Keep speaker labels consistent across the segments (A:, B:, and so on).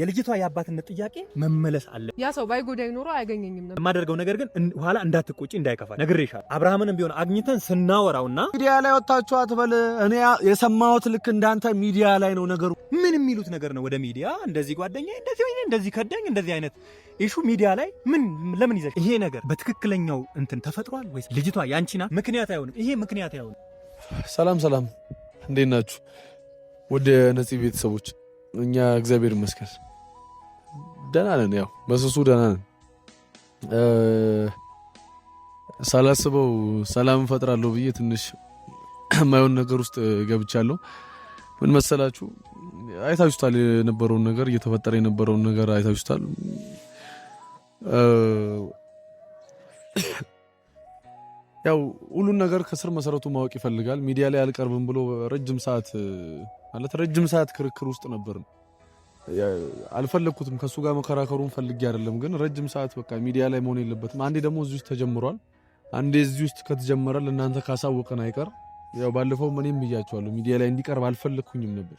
A: የልጅቷ የአባትነት ጥያቄ መመለስ አለ።
B: ያ ሰው ባይ ጉዳይ ኖሮ አያገኘኝም
A: ነበር። የማደርገው ነገር ግን ኋላ እንዳትቆጪ እንዳይከፋ ነግሬሻለሁ። አብርሃምንም ቢሆን አግኝተን ስናወራውና
C: ሚዲያ ላይ ወታችሁ አትበል። እኔ የሰማሁት ልክ እንዳንተ ሚዲያ ላይ ነው ነገሩ።
A: ምን የሚሉት ነገር ነው? ወደ ሚዲያ እንደዚህ ጓደኛ እንደዚህ ወይ እንደዚህ ከዳኝ እንደዚህ አይነት ኢሹ ሚዲያ ላይ ምን ለምን ይዘሽ ይሄ ነገር በትክክለኛው እንትን ተፈጥሯል ወይስ ልጅቷ ያንቺ ናት? ምክንያት አይሆንም። ይሄ ምክንያት አይሆንም።
D: ሰላም ሰላም፣ እንዴት ናችሁ? ወደ ነፂ ቤተሰቦች እኛ እግዚአብሔር ይመስገን ደህና ነን፣ ያው በስሱ ደህና ነን። ሳላስበው ሰላም እፈጥራለሁ ብዬ ትንሽ የማይሆን ነገር ውስጥ ገብቻለሁ። ምን መሰላችሁ? አይታችሁታል፣ የነበረውን ነገር እየተፈጠረ የነበረውን ነገር አይታችሁታል። ያው ሁሉን ነገር ከስር መሰረቱ ማወቅ ይፈልጋል። ሚዲያ ላይ አልቀርብም ብሎ ረጅም ሰዓት ማለት ረጅም ሰዓት ክርክር ውስጥ ነበርን። አልፈለግኩትም። ከእሱ ጋር መከራከሩን ፈልጌ አይደለም፣ ግን ረጅም ሰዓት በቃ ሚዲያ ላይ መሆን የለበትም። አንዴ ደግሞ እዚህ ውስጥ ተጀምሯል። አንዴ እዚህ ውስጥ ከተጀመረ ለእናንተ ካሳወቅን አይቀር ያው ባለፈው እኔም ብያቸዋለሁ፣ ሚዲያ ላይ እንዲቀርብ አልፈለግኩኝም ነበር።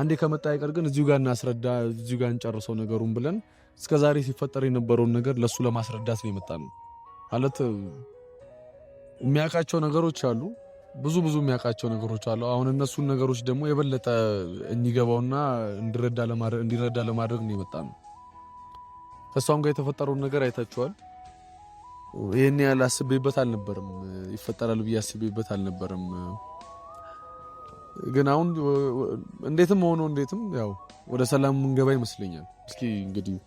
D: አንዴ ከመጣ አይቀር ግን እዚሁ ጋር እናስረዳ፣ እዚሁ ጋር እንጨርሰው ነገሩን ብለን እስከ ዛሬ ሲፈጠር የነበረውን ነገር ለሱ ለማስረዳት ነው የመጣ ነው ማለት የሚያውቃቸው ነገሮች አሉ ብዙ ብዙ የሚያውቃቸው ነገሮች አሉ። አሁን እነሱን ነገሮች ደግሞ የበለጠ እንዲገባውና እንዲረዳ ለማድረግ ነው የመጣ ነው። ከእሷም ጋር የተፈጠረውን ነገር አይታችኋል። ይህን ያህል አስቤበት አልነበርም፣ ይፈጠራል ብዬ አስቤበት አልነበርም። ግን አሁን እንዴትም ሆኖ እንዴትም ያው ወደ ሰላም የምንገባ ይመስለኛል። እስኪ እንግዲህ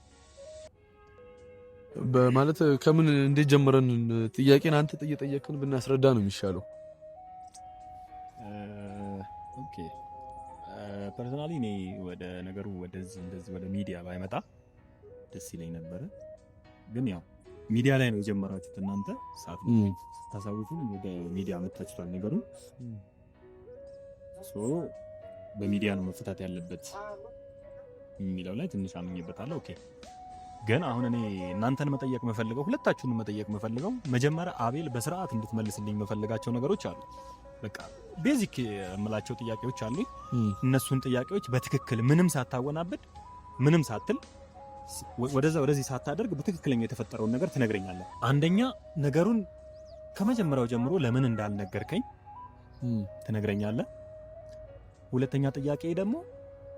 D: በማለት ከምን እንዴት ጀምረን ጥያቄን አንተ እየጠየቅን ብናስረዳ ነው የሚሻለው።
A: ኦኬ ፐርሰናሊ እኔ ወደ ነገሩ ወደዚህ እንደዚህ ወደ ሚዲያ ባይመጣ ደስ ይለኝ ነበረ። ግን ያው ሚዲያ ላይ ነው የጀመራችሁት እናንተ ሰዓት ስታሳውቁ ወደ ሚዲያ መታችቷል ነገሩ። በሚዲያ ነው መፈታት ያለበት የሚለው ላይ ትንሽ አምኝበታለ ኦኬ ግን አሁን እኔ እናንተን መጠየቅ መፈልገው ሁለታችሁን መጠየቅ መፈልገው መጀመሪያ አቤል በስርዓት እንድትመልስልኝ መፈልጋቸው ነገሮች አሉ በቃ ቤዚክ የምላቸው ጥያቄዎች አሉ። እነሱን ጥያቄዎች በትክክል ምንም ሳታወናብድ ምንም ሳትል ወደዛ ወደዚህ ሳታደርግ በትክክለኛ የተፈጠረውን ነገር ትነግረኛለህ። አንደኛ ነገሩን ከመጀመሪያው ጀምሮ ለምን እንዳልነገርከኝ ትነግረኛለህ። ሁለተኛ ጥያቄ ደግሞ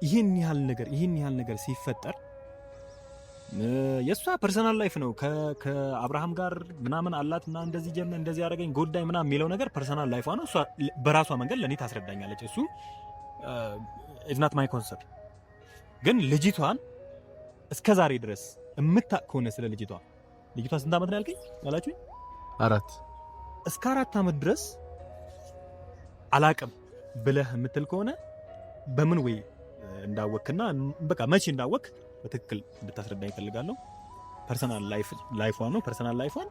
A: ይህን ያህል ነገር ይህን ያህል ነገር ሲፈጠር የእሷ ፐርሰናል ላይፍ ነው። ከአብርሃም ጋር ምናምን አላት እና እንደዚህ ጀመ እንደዚህ ያደረገኝ ጎዳኝ ምናምን የሚለው ነገር ፐርሰናል ላይፏ ነው። እሷ በራሷ መንገድ ለእኔ ታስረዳኛለች። እሱ ኢዝናት ማይ ኮንሰፕት። ግን ልጅቷን እስከ ዛሬ ድረስ የምታቅ ከሆነ ስለ ልጅቷ ልጅቷ ስንት ዓመት ነው ያልከኝ ያላችሁኝ? አራት እስከ አራት ዓመት ድረስ አላቅም ብለህ የምትል ከሆነ በምን ወይ እንዳወክና በቃ መቼ እንዳወክ በትክክል እንድታስረዳ ይፈልጋለሁ። ፐርሰናል ላይፏን ነው ፐርሰናል ላይፏን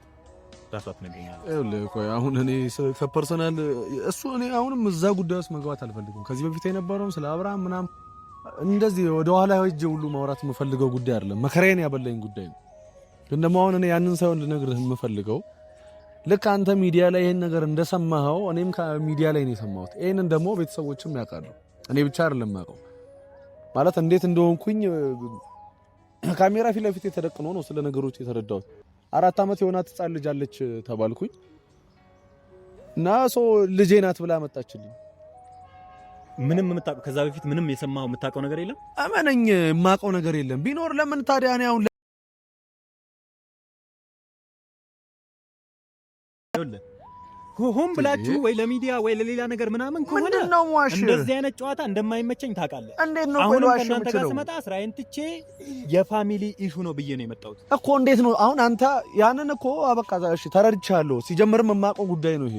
D: አሁን እኔ ከፐርሰናል እሱ እኔ አሁንም እዛ ጉዳይ ውስጥ መግባት አልፈልግም። ከዚህ በፊት የነበረውም ስለ አብርሃም ምናም እንደዚህ ወደኋላ ሄጄ ሁሉ ማውራት የምፈልገው ጉዳይ አይደለም። መከራዬን ያበላኝ ጉዳይ ነው። ግን ደግሞ አሁን እኔ ያንን ሳይሆን ልነግርህ የምፈልገው ልክ አንተ ሚዲያ ላይ ይህን ነገር እንደሰማኸው እኔም ሚዲያ ላይ ነው የሰማሁት። ይህንን ደግሞ ቤተሰቦችም ያውቃሉ። እኔ ብቻ አይደለም ያውቀው ማለት እንዴት እንደሆንኩኝ ካሜራ ፊት ለፊት የተደቅኖ ነው ስለ ነገሮች የተረዳሁት። አራት ዓመት የሆናት ህፃን ልጅ አለች ተባልኩኝ እና ሰው ልጄ ናት ብላ መጣችልኝ።
A: ምንም የምታውቀው ከዛ በፊት ምንም የሰማው የምታውቀው ነገር የለም።
D: አመነኝ የማውቀው ነገር የለም። ቢኖር ለምን ታዲያ እኔ አሁን
A: ሆም ብላችሁ ወይ ለሚዲያ ወይ ለሌላ ነገር ምናምን
D: ከሆነ ነው ሟሽ።
A: እንደዚህ አይነት ጨዋታ እንደማይመቸኝ ታውቃለህ። እንዴት ነው ወይ አሁን ከእናንተ ጋር ስመጣ ስራዬን ትቼ የፋሚሊ ኢሹ ነው ብዬ ነው የመጣሁት
D: እኮ። እንዴት ነው አሁን አንተ ያንን እኮ አበቃ። እሺ ተረድቻለሁ። ሲጀምርም የማውቀው ጉዳይ ነው ይሄ።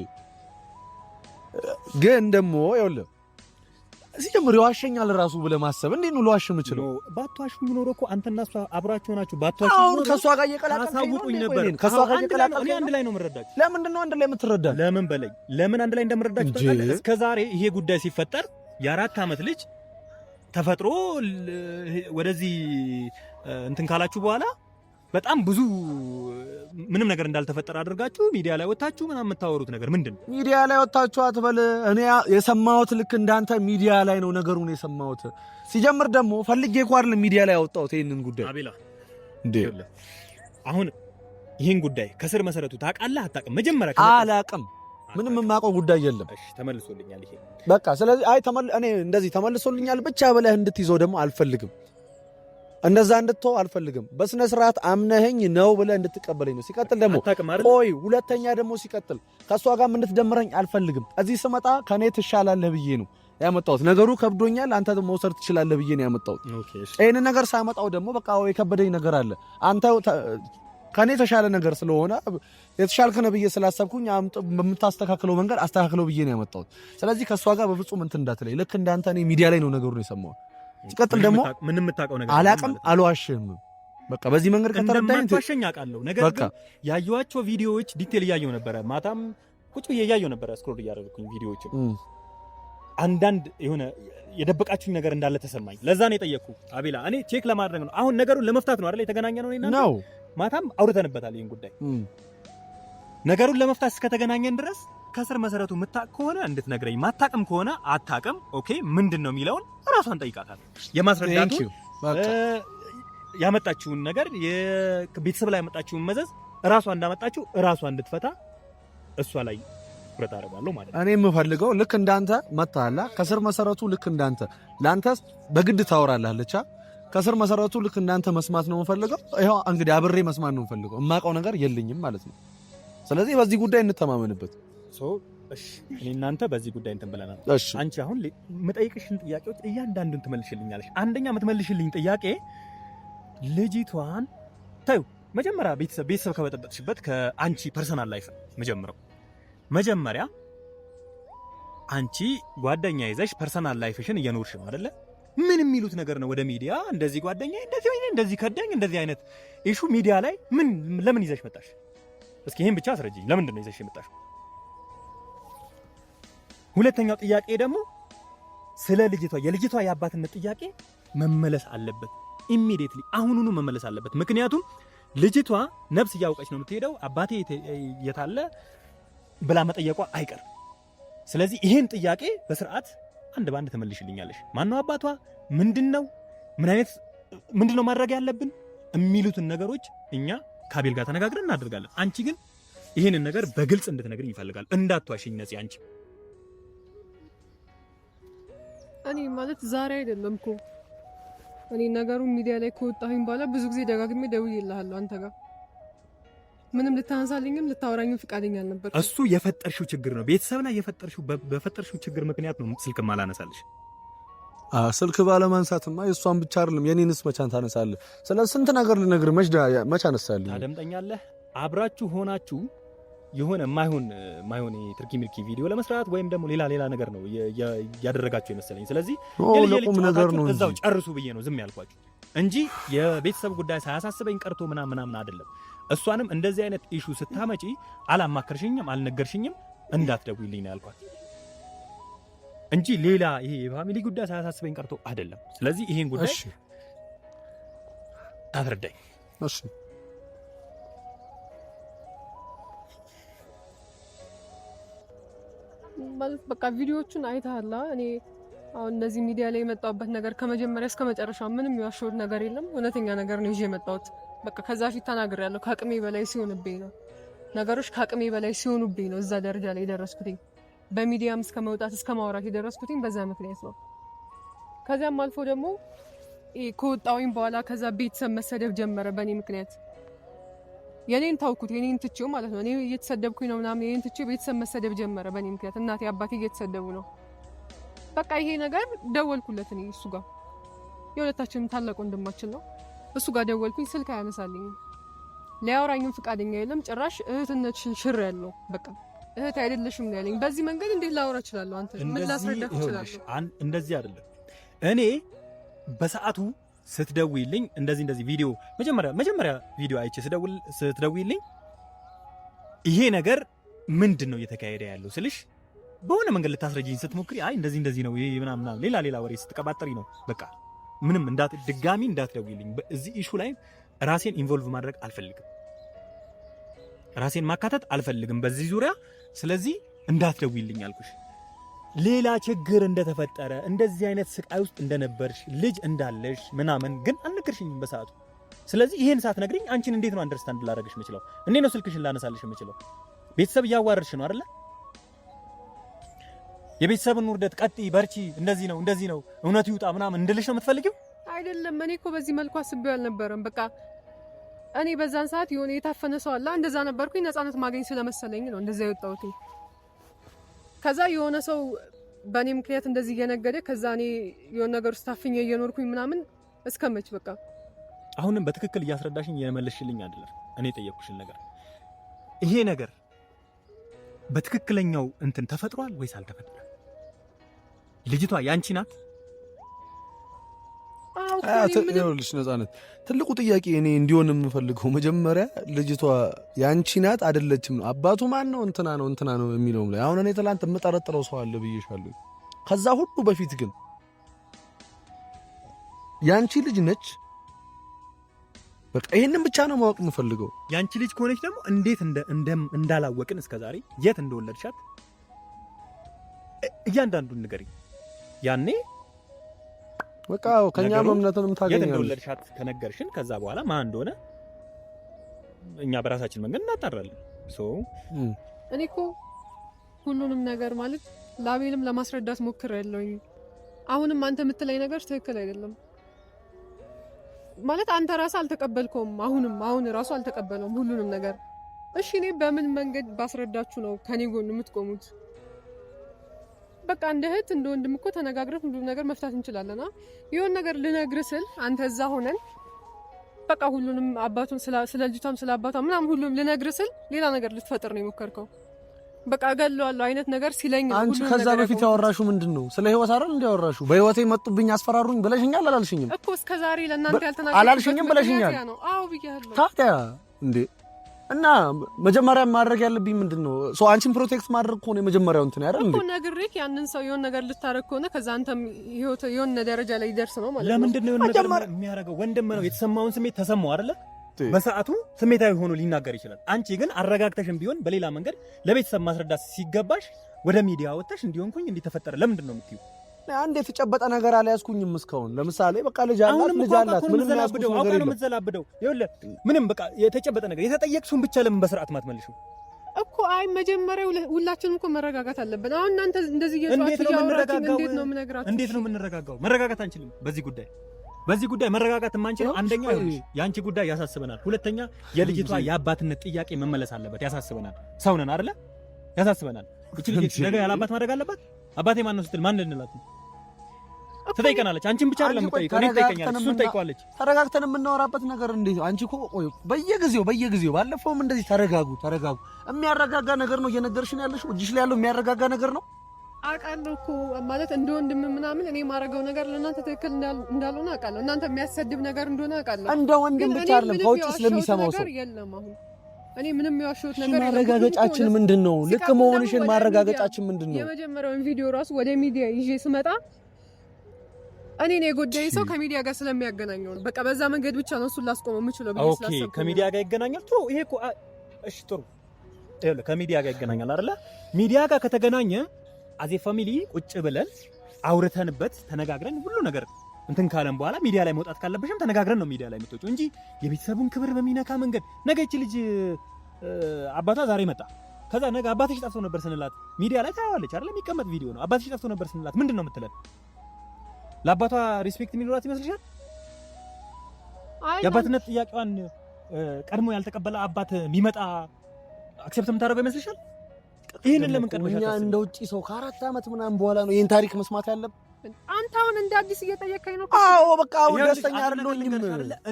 D: ግን ደግሞ ይኸውልህ ሲጀምር የዋሸኛል ራሱ ብለህ ማሰብ እንዴት ነው? ለዋሽ የምችለው
A: ባትዋሽ ኖሮ እኮ አንተና እሷ አብራችሁ ናችሁ። ባትዋሽ
D: አሁን ከእሷ ጋር
A: እየቀላቀልኩኝ ነበር። ከእሷ ጋር እየቀላቀልኩኝ አንድ ላይ ነው የምረዳችሁ።
D: ለምንድን ነው አንድ ላይ የምትረዳት?
A: ለምን በለኝ፣ ለምን አንድ ላይ እንደምረዳችሁ። እስከ ዛሬ ይሄ ጉዳይ ሲፈጠር የአራት ዓመት ልጅ ተፈጥሮ ወደዚህ እንትን ካላችሁ በኋላ በጣም ብዙ ምንም ነገር እንዳልተፈጠረ አድርጋችሁ ሚዲያ ላይ ወታችሁ ምናምን የምታወሩት ነገር ምንድን ነው?
D: ሚዲያ ላይ ወታችሁ አትበል። እኔ የሰማሁት ልክ እንዳንተ ሚዲያ ላይ ነው ነገሩን የሰማሁት። ሲጀምር ደግሞ ፈልጌ እኮ አይደለም ሚዲያ ላይ ያወጣሁት ይህንን ጉዳይ
A: አቤላ። አሁን ይህን ጉዳይ ከስር መሰረቱ ታውቃለህ አታውቅም? መጀመሪያ
D: አላውቅም። ምንም የማውቀው ጉዳይ የለም።
A: ተመልሶልኛል ይሄ
D: በቃ። ስለዚህ አይ እኔ እንደዚህ ተመልሶልኛል ብቻ ብለህ እንድትይዘው ደግሞ አልፈልግም። እንደዛ እንድትቶ አልፈልግም። በስነ ስርዓት አምነህኝ ነው ብለህ እንድትቀበለኝ ነው። ሲቀጥል ደግሞ ቆይ ሁለተኛ ደግሞ ሲቀጥል ከእሷ ጋር እንድትደምረኝ አልፈልግም። እዚህ ስመጣ ከኔ ትሻላለህ ብዬ ነው ያመጣሁት። ነገሩ ከብዶኛል፣ አንተ መውሰድ ትችላለህ ብዬ ነው ያመጣሁት። ይህን ነገር ሳመጣው ደግሞ በቃ የከበደኝ ነገር አለ። አንተ ከኔ የተሻለ ነገር ስለሆነ የተሻልክ ነህ ብዬ ስላሰብኩኝ በምታስተካክለው መንገድ አስተካክለው ብዬ ነው ያመጣሁት። ስለዚህ ከእሷ ጋር በፍጹም እንትን እንዳትለኝ። ልክ እንዳንተ እኔ ሚዲያ ላይ ነው ነገሩን የሰማሁት ሲቀጥል ደግሞ አላቅም አልዋሽም። በቃ በዚህ መንገድ
A: ከተረዳኝ እንደማትዋሸኝ አውቃለሁ። ነገር ግን ያየኋቸው ቪዲዮዎች ዲቴል እያየሁ ነበረ። ማታም ቁጭ ብዬ እያየሁ ነበረ ስክሮል እያደረግኩኝ ቪዲዮዎችን። አንዳንድ የሆነ የደበቃችሁኝ ነገር እንዳለ ተሰማኝ። ለዛ ነው የጠየቅኩ አቤላ። እኔ ቼክ ለማድረግ ነው አሁን ነገሩን ለመፍታት ነው አይደል የተገናኘ ነው ነው። ማታም አውርተንበታል ይህን ጉዳይ ነገሩን ለመፍታት እስከተገናኘን ድረስ ከስር መሰረቱ የምታቅ ከሆነ እንድትነግረኝ፣ ማታቅም ከሆነ አታቅም። ኦኬ ምንድን ነው የሚለውን እራሷን ጠይቃታል። የማስረዳቱ ያመጣችውን ነገር ቤተሰብ ላይ ያመጣችውን መዘዝ እራሷ እንዳመጣችው እራሷ እንድትፈታ እሷ ላይ ትኩረት አደርጋለሁ
D: ማለት ነው። እኔ የምፈልገው ልክ እንዳንተ መታላ ከስር መሰረቱ ልክ እንዳንተ ለአንተስ በግድ ታወራላለቻ ከስር መሰረቱ ልክ እንዳንተ መስማት ነው የምፈልገው። ይኸው እንግዲህ አብሬ መስማት ነው የምፈልገው። የማውቀው ነገር የለኝም ማለት ነው። ስለዚህ በዚህ ጉዳይ እንተማመንበት።
A: እኔ እናንተ በዚህ ጉዳይ እንትን ብለናል። አንቺ አሁን የምጠይቅሽን ጥያቄዎች እያንዳንዱን ትመልሽልኛለሽ። አንደኛ የምትመልሽልኝ ጥያቄ ልጅቷን ታዩ መጀመሪያ ቤተሰብ ቤተሰብ ከበጠበጥሽበት ከአንቺ ፐርሰናል ላይፍ መጀመሪያው መጀመሪያ አንቺ ጓደኛ ይዘሽ ፐርሰናል ላይፍሽን እየኖርሽ ነው አይደለ? ምን የሚሉት ነገር ነው? ወደ ሚዲያ እንደዚህ ጓደኛ እንደዚህ ወይ እንደዚህ ከዳኝ እንደዚህ አይነት ኢሹ ሚዲያ ላይ ምን ለምን ይዘሽ መጣሽ? እስኪ ይሄን ብቻ አስረጅኝ። ለምንድን ነው ይዘሽ የመጣሽ? ሁለተኛው ጥያቄ ደግሞ ስለ ልጅቷ የልጅቷ የአባትነት ጥያቄ መመለስ አለበት። ኢሚዲየትሊ አሁኑኑ መመለስ አለበት። ምክንያቱም ልጅቷ ነፍስ እያወቀች ነው የምትሄደው። አባቴ የታለ ብላ መጠየቋ አይቀርም። ስለዚህ ይሄን ጥያቄ በስርዓት አንድ በአንድ ተመልሽልኛለሽ። ማነው አባቷ? ምንድን ነው ምን አይነት ምንድን ነው ማድረግ ያለብን የሚሉትን ነገሮች እኛ ከአቤል ጋር ተነጋግረን እናደርጋለን። አንቺ ግን ይህንን ነገር በግልጽ እንድትነግርኝ ይፈልጋል። እንዳትዋሽኝ ነፂ አንቺ
E: እኔ ማለት ዛሬ አይደለም እኮ እኔ ነገሩ ሚዲያ ላይ ከወጣሁኝ በኋላ ብዙ ጊዜ ደጋግሜ ደውዬልሃለሁ አንተ ጋር ምንም ልታነሳልኝም ልታወራኝም ፍቃደኛ አልነበር።
A: እሱ የፈጠርሽው ችግር ነው። ቤተሰብ ላይ የፈጠርሽው በፈጠርሽው ችግር ምክንያት ነው ስልክም አላነሳልሽ።
D: ስልክ ባለማንሳትማ የእሷን ብቻ አይደለም የኔንስ መቻን ታነሳለህ? ስለ ስንት ነገር ልነግርህ መች አነሳልኝ።
A: ታደምጠኛለህ? አብራችሁ ሆናችሁ የሆነ የማይሆን የማይሆን ትርኪ ምርኪ ቪዲዮ ለመስራት ወይም ደግሞ ሌላ ሌላ ነገር ነው ያደረጋቸው ይመስለኝ። ስለዚህ የልቁም ነገር ነው እዛው ጨርሱ ብዬ ነው ዝም ያልኳችሁ እንጂ የቤተሰብ ጉዳይ ሳያሳስበኝ ቀርቶ ምናምን ምናምን አይደለም። እሷንም እንደዚህ አይነት ኢሹ ስታመጪ አላማከርሽኝም፣ አልነገርሽኝም እንዳትደውልኝ ነው ያልኳት እንጂ ሌላ ይሄ የፋሚሊ ጉዳይ ሳያሳስበኝ ቀርቶ አይደለም። ስለዚህ ይሄን ጉዳይ አትረዳኝ።
E: ማለት በቃ ቪዲዮዎቹን አይተሃላ። እኔ አሁን እነዚህ ሚዲያ ላይ የመጣሁበት ነገር ከመጀመሪያ እስከ መጨረሻ ምንም የዋሸሁት ነገር የለም። እውነተኛ ነገር ነው ይዤ የመጣሁት። በቃ ከዛ ፊት ተናግሬያለሁ። ከአቅሜ በላይ ሲሆንብኝ ነው ነገሮች ከአቅሜ በላይ ሲሆኑብኝ ነው እዛ ደረጃ ላይ የደረስኩትኝ። በሚዲያም እስከ መውጣት እስከ ማውራት የደረስኩትኝ በዛ ምክንያት ነው። ከዚያም አልፎ ደግሞ ከወጣሁኝ በኋላ ከዛ ቤተሰብ መሰደብ ጀመረ በእኔ ምክንያት የኔን ታውኩት የኔን ትቼው ማለት ነው። እኔ እየተሰደብኩኝ ነው ምናምን የኔን ትቼው ቤተሰብ መሰደብ ጀመረ በእኔ ምክንያት። እናቴ አባቴ እየተሰደቡ ነው። በቃ ይሄ ነገር ደወልኩለት እኔ እሱ ጋር የሁለታችንም ታላቅ ወንድማችን ነው። እሱ ጋር ደወልኩኝ፣ ስልክ አያነሳልኝም፣ ሊያወራኝም ፈቃደኛ የለም። ጭራሽ እህትነትሽን ሽር ያለው በቃ እህት አይደለሽም ነው ያለኝ። በዚህ መንገድ እንዴት ላወራ እችላለሁ? አንተ
A: ምን ላስረዳ እችላለሁ? እንደዚህ አይደለም እኔ በሰዓቱ ስትደውይልኝ እንደዚህ እንደዚህ ቪዲዮ መጀመሪያ መጀመሪያ ቪዲዮ አይቼ ስትደውይልኝ ይሄ ነገር ምንድን ነው እየተካሄደ ያለው ስልሽ በሆነ መንገድ ልታስረጅኝ ስትሞክሪ አይ እንደዚህ እንደዚህ ነው ይሄ ምናምን ሌላ ሌላ ወሬ ስትቀባጠሪ ነው በቃ ምንም እንዳት ድጋሚ እንዳትደውይልኝ። በዚህ ኢሹ ላይ ራሴን ኢንቮልቭ ማድረግ አልፈልግም፣ ራሴን ማካተት አልፈልግም በዚህ ዙሪያ። ስለዚህ እንዳትደውይልኝ አልኩሽ። ሌላ ችግር እንደተፈጠረ እንደዚህ አይነት ስቃይ ውስጥ እንደነበርሽ ልጅ እንዳለሽ ምናምን ግን አልነገርሽኝም በሰዓቱ። ስለዚህ ይሄን ሳትነግሪኝ አንቺን እንዴት ነው አንደርስታንድ ላደርግሽ የምችለው? እኔ ነው ስልክሽን ላነሳልሽ የምችለው? ቤተሰብ እያዋረድሽ ነው አይደለ? የቤተሰብን ውርደት ቀጢ፣ በርቺ፣ እንደዚህ ነው እንደዚህ ነው እውነት ይውጣ ምናምን እንድልሽ ነው የምትፈልጊው?
E: አይደለም። እኔ እኮ በዚህ መልኩ አስቤው አልነበረም። በቃ እኔ በዛን ሰዓት የሆነ የታፈነ ሰው አለ እንደዛ ነበርኩኝ። ነፃነት ማገኝ ስለመሰለኝ ነው እንደዛ የወጣሁት። ከዛ የሆነ ሰው በእኔ ምክንያት እንደዚህ እየነገደ ከዛ እኔ የሆነ ነገር ውስጥ ታፍኜ እየኖርኩኝ ምናምን እስከመች በቃ
A: አሁንም በትክክል እያስረዳሽኝ እየመለስሽልኝ አይደለም። እኔ የጠየኩሽን ነገር ይሄ ነገር በትክክለኛው እንትን ተፈጥሯል ወይስ አልተፈጠረም? ልጅቷ ያንቺ ናት?
D: ይኸውልሽ ነፃነት፣ ትልቁ ጥያቄ እኔ እንዲሆን የምፈልገው መጀመሪያ ልጅቷ ያንቺ ናት አይደለችም ነው። አባቱ ማን ነው? እንትና ነው እንትና ነው የሚለውም ላይ አሁን እኔ ትላንት የምጠረጥረው ሰው አለ ብዬሻለሁ። ከዛ ሁሉ በፊት ግን ያንቺ ልጅ ነች። በቃ ይሄንን ብቻ ነው ማወቅ የምፈልገው።
A: ያንቺ ልጅ ከሆነች ደግሞ እንዴት እንዳላወቅን እስከዛሬ የት እንደወለድሻት እያንዳንዱን ንገሪኝ ያኔ
D: በቃ ከኛም እምነትንም
A: ታገኛለሽ። የት እንደወለድሻት ከነገርሽን ከዛ በኋላ ማን እንደሆነ እኛ በራሳችን መንገድ እናጣራለን።
E: እኔ እኮ ሁሉንም ነገር ማለት ለአቤልም ለማስረዳት ሞክር ሞክሬያለሁኝ። አሁንም አንተ የምትለኝ ነገር ትክክል አይደለም ማለት አንተ ራስህ አልተቀበልከውም። አሁንም አሁን ራሱ አልተቀበለውም ሁሉንም ነገር። እሺ እኔ በምን መንገድ ባስረዳችሁ ነው ከኔ ጎን የምትቆሙት? በቃ እንደ እህት እንደ ወንድም እኮ ተነጋግረን ሁሉም ነገር መፍታት እንችላለና ይሁን ነገር ልነግር ስል አንተ እዛ ሆነን በቃ ሁሉንም አባቱን ስለ ልጅቷም ስለ አባቷ ምናምን ሁሉም ልነግር ስል ሌላ ነገር ልትፈጥር ነው የሞከርከው። በቃ እገለዋለሁ አይነት ነገር ሲለኝ
D: አንቺ ከዛ በፊት ያወራሹ ምንድን ነው? ስለ ህይወት አይደል እንዲ ያወራሹ? በህይወቴ መጡብኝ፣ አስፈራሩኝ ብለሽኛል። አላልሽኝም
E: እኮ እስከ ዛሬ ለእናንተ ያልተናገርኩት
D: አላልሽኝም ብለሽኛል።
E: አዎ ብያለሁ።
D: ታዲያ እንዴ እና መጀመሪያ ማድረግ ያለብኝ ምንድን ነው? ሰው አንቺን ፕሮቴክት ማድረግ ከሆነ የመጀመሪያው እንትን ያረ
E: ነግሬክ፣ ያንን ሰው የሆን ነገር ልታደረግ ከሆነ ከዛ አንተም ህይወት የሆነ ደረጃ ላይ ይደርስ ነው
A: ማለት ነው። ለምንድን ነው የሆነ ነገር የሚያደርገው? ወንድም ነው። የተሰማውን ስሜት ተሰማው አይደለ? በሰዓቱ ስሜታዊ ሆኖ ሊናገር ይችላል። አንቺ ግን አረጋግተሽም ቢሆን በሌላ መንገድ ለቤተሰብ ማስረዳት ሲገባሽ ወደ ሚዲያ ወጥተሽ እንዲሆንኩኝ እንዲተፈጠረ ለምንድን ነው የምትይው?
D: አንድ የተጨበጠ ነገር አልያዝኩኝም እስካሁን። ለምሳሌ በቃ ልጅ
A: አላት ልጅ አላት ምንም ያዝኩት ነገር የለም። የምትዘላብደው ይኸውልህ፣ ምንም በቃ የተጨበጠ ነገር የተጠየቅሽውን ብቻ ለምን በስርዓት ማትመልሺው
E: እኮ? አይ መጀመሪያ ሁላችንም እኮ መረጋጋት አለብን። አሁን እናንተ እንደዚህ
A: እንዴት ነው የምንረጋጋው? እንዴት ነው የምንረጋጋው? መረጋጋት አንችልም በዚህ ጉዳይ በዚህ ጉዳይ መረጋጋት የማንችለው አንደኛ የአንቺ ጉዳይ ያሳስበናል፣ ሁለተኛ የልጅቷ የአባትነት ጥያቄ መመለስ አለበት ያሳስበናል። ሰው ነን አይደለ? ያሳስበናል። እቺ ልጅ ነገ ያለ አባት ማድረግ አለባት። አባቴ ማን ነው ስትል ማን ልንላት ነው? ትጠይቀናለች። አንቺን ብቻ አይደለም የምጠይቀው፣ እኔ ትጠይቀኛለች፣ እሱን ትጠይቀዋለች።
D: ተረጋግተን የምናወራበት ነገር እንዴት አንቺ እኮ በየጊዜው በየጊዜው ባለፈውም እንደዚህ ተረጋጉ ተረጋጉ የሚያረጋጋ ነገር ነው እየነገርሽን ያለሽው። እጅሽ ላይ ያለው የሚያረጋጋ ነገር ነው
E: አውቃለሁ እኮ ማለት እንደ ወንድም ምናምን እኔ የማደርገው ነገር ለእናንተ ትክክል እንዳልሆነ አውቃለሁ። እናንተ የሚያሰድብ ነገር እንደሆነ አውቃለሁ።
D: እንደ ወንድም ብቻ አይደለም ከውጭ ስለሚሰማው ሰው የለም። አሁን
E: እኔ ምንም የዋሸሁት ነገር
D: ማረጋገጫችን ምንድን ነው? ልክ መሆንሽን ማረጋገጫችን ምንድን ነው?
E: የመጀመሪያውን ቪዲዮ ራሱ ወደ ሚዲያ ይዤ ስመጣ እኔ ነው የጎዳኝ ሰው ከሚዲያ ጋር ስለሚያገናኘው ነው። በቃ በዛ መንገድ ብቻ ነው እሱን ላስቆመው የምችለው
A: ብዬ ከሚዲያ ጋር ይገናኛል። ጥሩ ይሄ እኮ እሺ፣ ጥሩ ከሚዲያ ጋር ይገናኛል አይደለ? ሚዲያ ጋር ከተገናኘ አዜ ፋሚሊ ቁጭ ብለን አውርተንበት ተነጋግረን ሁሉ ነገር እንትን ካለን በኋላ ሚዲያ ላይ መውጣት ካለብሽም ተነጋግረን ነው ሚዲያ ላይ የምትወጪው እንጂ የቤተሰቡን ክብር በሚነካ መንገድ ነገ ይቺ ልጅ አባቷ ዛሬ መጣ ከዛ ነገ አባትሽ ጠፍቶ ነበር ስንላት ሚዲያ ላይ ታያዋለች አይደለ? የሚቀመጥ ቪዲዮ ነው። አባትሽ ጠፍቶ ነበር ስንላት ምንድን ነው የምትለን? ለአባቷ ሪስፔክት የሚኖራት ይመስልሻል? የአባትነት ጥያቄዋን ቀድሞ ያልተቀበለ አባት የሚመጣ አክሴፕት የምታደርገው ይመስልሻል? ይህንን ለምን
D: ቀድመሻል? እኛ እንደ ውጭ ሰው ከአራት ዓመት ምናምን በኋላ ነው ይህን ታሪክ መስማት ያለብን።
E: አንተ አሁን እንደ አዲስ እየጠየከኝ ነው።
D: አዎ በቃ አሁን ደስተኛ አይደለሁኝም።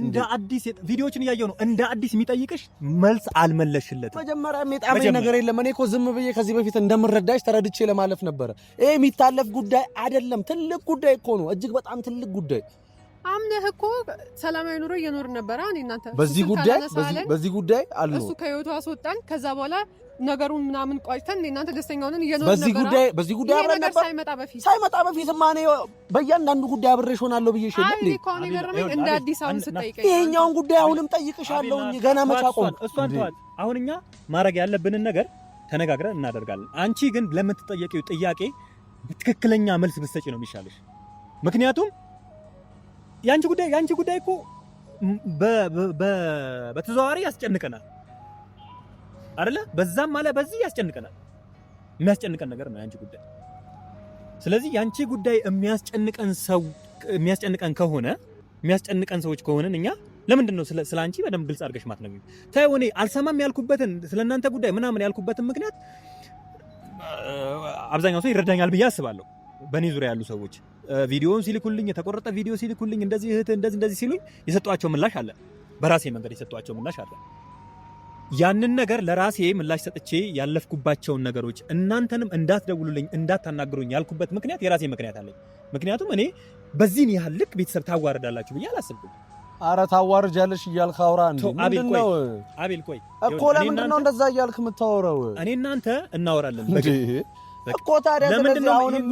A: እንደ አዲስ ቪዲዮዎችን እያየሁ ነው። እንደ አዲስ የሚጠይቅሽ መልስ አልመለሽለትም።
D: መጀመሪያ የጣመኝ ነገር የለም። እኔ እኮ ዝም ብዬ ከዚህ በፊት እንደምረዳሽ ተረድቼ ለማለፍ ነበረ። ይሄ የሚታለፍ ጉዳይ አይደለም። ትልቅ ጉዳይ እኮ ነው። እጅግ በጣም ትልቅ ጉዳይ።
E: አምነህ እኮ ሰላማዊ ኑሮ እየኖር ነበረ። እኔ እናንተ
D: በዚህ ጉዳይ በዚህ ጉዳይ አሉ
E: እሱ ከህይወቱ አስወጣን። ከዛ በኋላ ነገሩን ምናምን ቋጭተን እናንተ ደስተኛ ሆነን እየኖርን
D: በዚህ ጉዳይ በዚህ ጉዳይ
E: አብረን ነበር። ሳይመጣ በፊት
D: ሳይመጣ በፊት ማኔ በእያንዳንዱ ጉዳይ አብሬሽ ሆናለሁ ብዬሽ ነው
E: እንዴ? እንደ አዲስ አሁን ስጠይቀኝ
D: ይሄኛውን ጉዳይ አሁንም ጠይቅሻለሁ። ገና መቻቆም
A: እሷን ተዋል። አሁን እኛ ማድረግ ያለብንን ነገር ተነጋግረን እናደርጋለን። አንቺ ግን ለምትጠየቂው ጥያቄ ትክክለኛ መልስ ብትሰጪ ነው የሚሻለሽ። ምክንያቱም የአንቺ ጉዳይ የአንቺ ጉዳይ እኮ በተዘዋዋሪ ያስጨንቀናል። አይደለ? በዛም አለ በዚህ ያስጨንቀናል። የሚያስጨንቀን ነገር ነው ያንቺ ጉዳይ። ስለዚህ ያንቺ ጉዳይ የሚያስጨንቀን ሰው የሚያስጨንቀን ከሆነ የሚያስጨንቀን ሰዎች ከሆነን እኛ ለምንድን ነው ስለ አንቺ በደንብ ግልጽ አድርገሽ ማትነግሪኝ? ተይው እኔ አልሰማም ያልኩበትን ስለ እናንተ ጉዳይ ምናምን ያልኩበትን ምክንያት አብዛኛው ሰው ይረዳኛል ብዬ አስባለሁ። በእኔ ዙሪያ ያሉ ሰዎች ቪዲዮውን ሲልኩልኝ፣ የተቆረጠ ቪዲዮ ሲልኩልኝ፣ እንደዚህ እህት እንደዚህ እንደዚህ ሲሉኝ የሰጧቸው ምላሽ አለ፣ በራሴ መንገድ የሰጧቸው ምላሽ አለ። ያንን ነገር ለራሴ ምላሽ ሰጥቼ ያለፍኩባቸውን ነገሮች እናንተንም እንዳትደውሉልኝ እንዳታናግሩኝ ያልኩበት ምክንያት የራሴ ምክንያት አለኝ። ምክንያቱም እኔ በዚህን ያህል ልክ ቤተሰብ ታዋርዳላችሁ ብዬ አላስብኩም።
D: አረ ታዋርጃለሽ እያልክ አውራ
A: ነው አቤል? ቆይ
D: እኮ ለምንድን ነው እንደዛ እያልክ የምታወራው?
A: እኔ እናንተ እናወራለን
D: እኮ ታዲያ። ስለዚህ አሁንም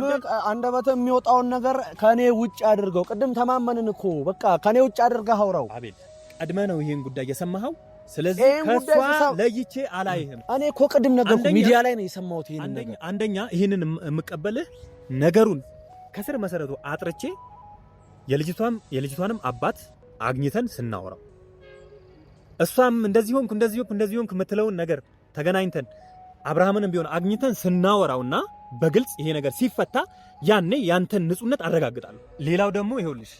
D: አንደበተ የሚወጣውን ነገር ከእኔ ውጭ አድርገው። ቅድም ተማመንን እኮ በቃ ከእኔ ውጭ አድርገህ አውራው።
A: አቤል ቀድመህ ነው ይህን ጉዳይ የሰማኸው ስለዚህ ከሷ ለይቼ አላይህም።
D: እኔ እኮ ቅድም ነገርኩ፣ ሚዲያ ላይ ነው የሰማሁት ይሄንን ነገር።
A: አንደኛ ይሄንን የምቀበልህ ነገሩን ከስር መሰረቱ አጥርቼ የልጅቷንም አባት አግኝተን ስናወራው እሷም እንደዚህ ሆንኩ እንደዚህ ሆንኩ እንደዚህ ሆንኩ የምትለውን ነገር ተገናኝተን አብርሃምንም ቢሆን አግኝተን ስናወራውና በግልጽ ይሄ ነገር ሲፈታ ያኔ ያንተን ንጹህነት አረጋግጣለሁ። ሌላው ደግሞ ይኸውልሽ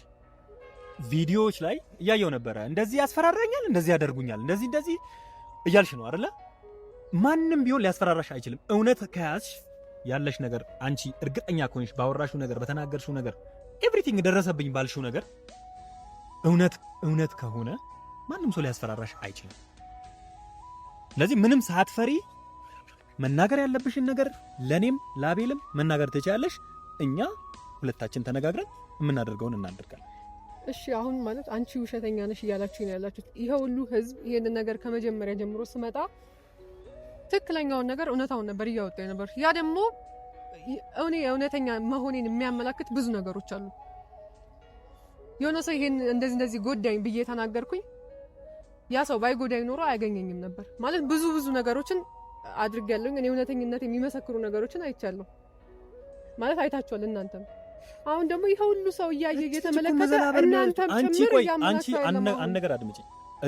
A: ቪዲዮዎች ላይ እያየው ነበረ። እንደዚህ ያስፈራራኛል፣ እንደዚህ ያደርጉኛል፣ እንደዚህ እንደዚህ እያልሽ ነው አይደለ? ማንም ቢሆን ሊያስፈራራሽ አይችልም። እውነት ከያዝሽ ያለሽ ነገር አንቺ እርግጠኛ ከሆንሽ ባወራሽው ነገር፣ በተናገርሽው ነገር፣ ኤቭሪቲንግ ደረሰብኝ ባልሽው ነገር እውነት እውነት ከሆነ ማንም ሰው ሊያስፈራራሽ አይችልም። ስለዚህ ምንም ሳትፈሪ መናገር ያለብሽን ነገር ለኔም ለአቤልም መናገር ትችያለሽ። እኛ ሁለታችን ተነጋግረን የምናደርገውን እናደርጋለን።
E: እሺ አሁን ማለት አንቺ ውሸተኛ ነሽ እያላችሁ ነው ያላችሁት። ይሄ ሁሉ ህዝብ ይሄንን ነገር ከመጀመሪያ ጀምሮ ስመጣ ትክክለኛውን ነገር እውነታውን ነበር እያወጣ ነበር። ያ ደግሞ እኔ እውነተኛ መሆኔን የሚያመላክት ብዙ ነገሮች አሉ። የሆነ ሰው ይሄን እንደዚህ እንደዚህ ጎዳኝ ብዬ ተናገርኩኝ፣ ያ ሰው ባይ ጎዳኝ ኖሮ አያገኘኝም ነበር ማለት ብዙ ብዙ ነገሮችን አድርጌያለሁ። እኔ እውነተኝነት የሚመሰክሩ ነገሮችን አይቻለሁ ማለት አይታችኋል እናንተም አሁን ደግሞ ይሄ ሁሉ ሰው እያየ እየተመለከተ እናንተም ጭምር
A: እያመናችሁ ያለው ነገር አድምጪ።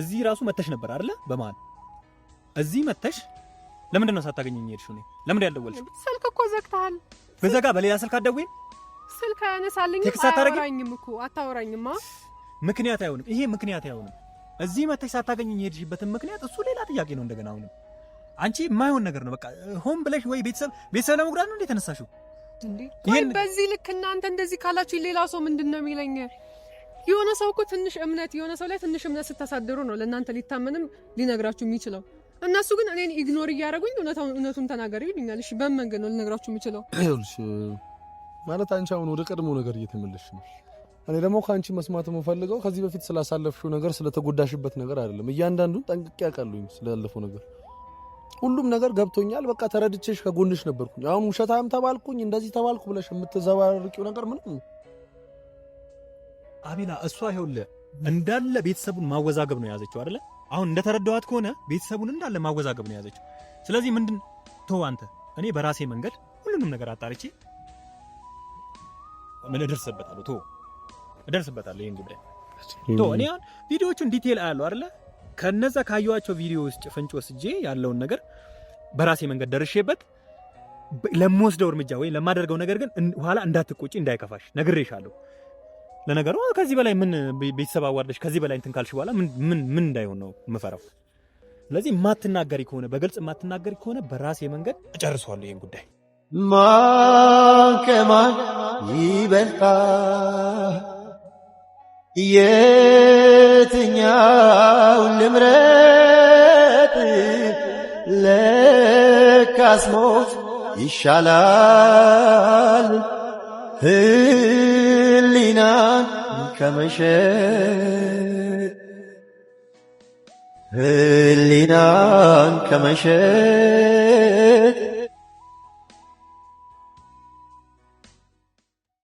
A: እዚህ ራሱ መተሽ ነበር አይደለ? በመሀል እዚህ መተሽ ለምንድን ነው ሳታገኘኝ የሄድሽው? እኔ ለምንድን ያልደወልሽው?
E: ስልክ እኮ ዘግተሃል።
A: በዘጋ በሌላ ስልክ አትደውይም?
E: ስልክ አያነሳልኝም፣ አታወራኝም እኮ አታወራኝማ።
A: ምክንያት አይሆንም ይሄ ምክንያት አይሆንም። እዚህ መተሽ ሳታገኘኝ የሄድሽበትን ምክንያት እሱ ሌላ ጥያቄ ነው እንደገና። አሁንም አንቺ የማይሆን ነገር ነው በቃ ሆን ብለሽ ወይ ቤተሰብ ቤተሰብ ለመጉዳት ነው እንዴ ተነሳሽው?
E: ይሄን በዚህ ልክ እናንተ እንደዚህ ካላችሁ ሌላ ሰው ምንድን ነው የሚለኝ? የሆነ ሰው እኮ ትንሽ እምነት የሆነ ሰው ላይ ትንሽ እምነት ስታሳድሩ ነው ለእናንተ ሊታመንም ሊነግራችሁ የሚችለው። እነሱ ግን እኔን ኢግኖር እያደረጉኝ እውነቱን ተናገሪ ይሉኛል። እሺ በምን መንገድ ነው ልነግራችሁ የምችለው?
D: ማለት አንቺ አሁን ወደ ቀድሞ ነገር እየተመለሽ ነው። እኔ ደግሞ ከአንቺ መስማት የምፈልገው ከዚህ በፊት ስላሳለፍሽው ነገር ስለተጎዳሽበት ነገር አይደለም። እያንዳንዱን ጠንቅቄ አውቃለሁ ስላለፈው ነገር ሁሉም ነገር ገብቶኛል። በቃ ተረድቼሽ ከጎንሽ ነበርኩኝ። አሁን ውሸታም ተባልኩኝ፣ እንደዚህ ተባልኩ ብለሽ የምትዘባርቂው ነገር ምንም
A: አቢላ፣ እሷ ይኸውልህ እንዳለ ቤተሰቡን ማወዛገብ ነው የያዘችው አይደለ? አሁን እንደተረዳኋት ከሆነ ቤተሰቡን እንዳለ ማወዛገብ ነው የያዘችው። ስለዚህ ምንድን ተው አንተ፣ እኔ በራሴ መንገድ ሁሉንም ነገር አጣርቼ ምን እደርስበታለሁ፣ ተው እደርስበታለሁ። ይህን ጉዳይ ተው። እኔ አሁን ቪዲዮቹን ዲቴል አያለሁ አይደለ ከነዛ ካየኋቸው ቪዲዮ ውስጥ ፍንጭ ወስጄ ያለውን ነገር በራሴ መንገድ ደርሼበት ለምወስደው እርምጃ ወይም ለማደርገው ነገር ግን ኋላ እንዳትቆጪ እንዳይከፋሽ ነግሬሻለሁ። ለነገሩ ከዚህ በላይ ምን ቤተሰብ አዋርደሽ ከዚህ በላይ እንትን ካልሽ በኋላ ምን ምን እንዳይሆን ነው የምፈራው። ስለዚህ ማትናገሪ ከሆነ በግልጽ ማትናገሪ ከሆነ በራሴ መንገድ እጨርሰዋለሁ ይህን ጉዳይ ማን ከማን ይበልጣል የትኛው ልምረጥ? ለካስ ሞት ይሻላል ህሊናን ከመሸጥ ህሊናን ከመሸጥ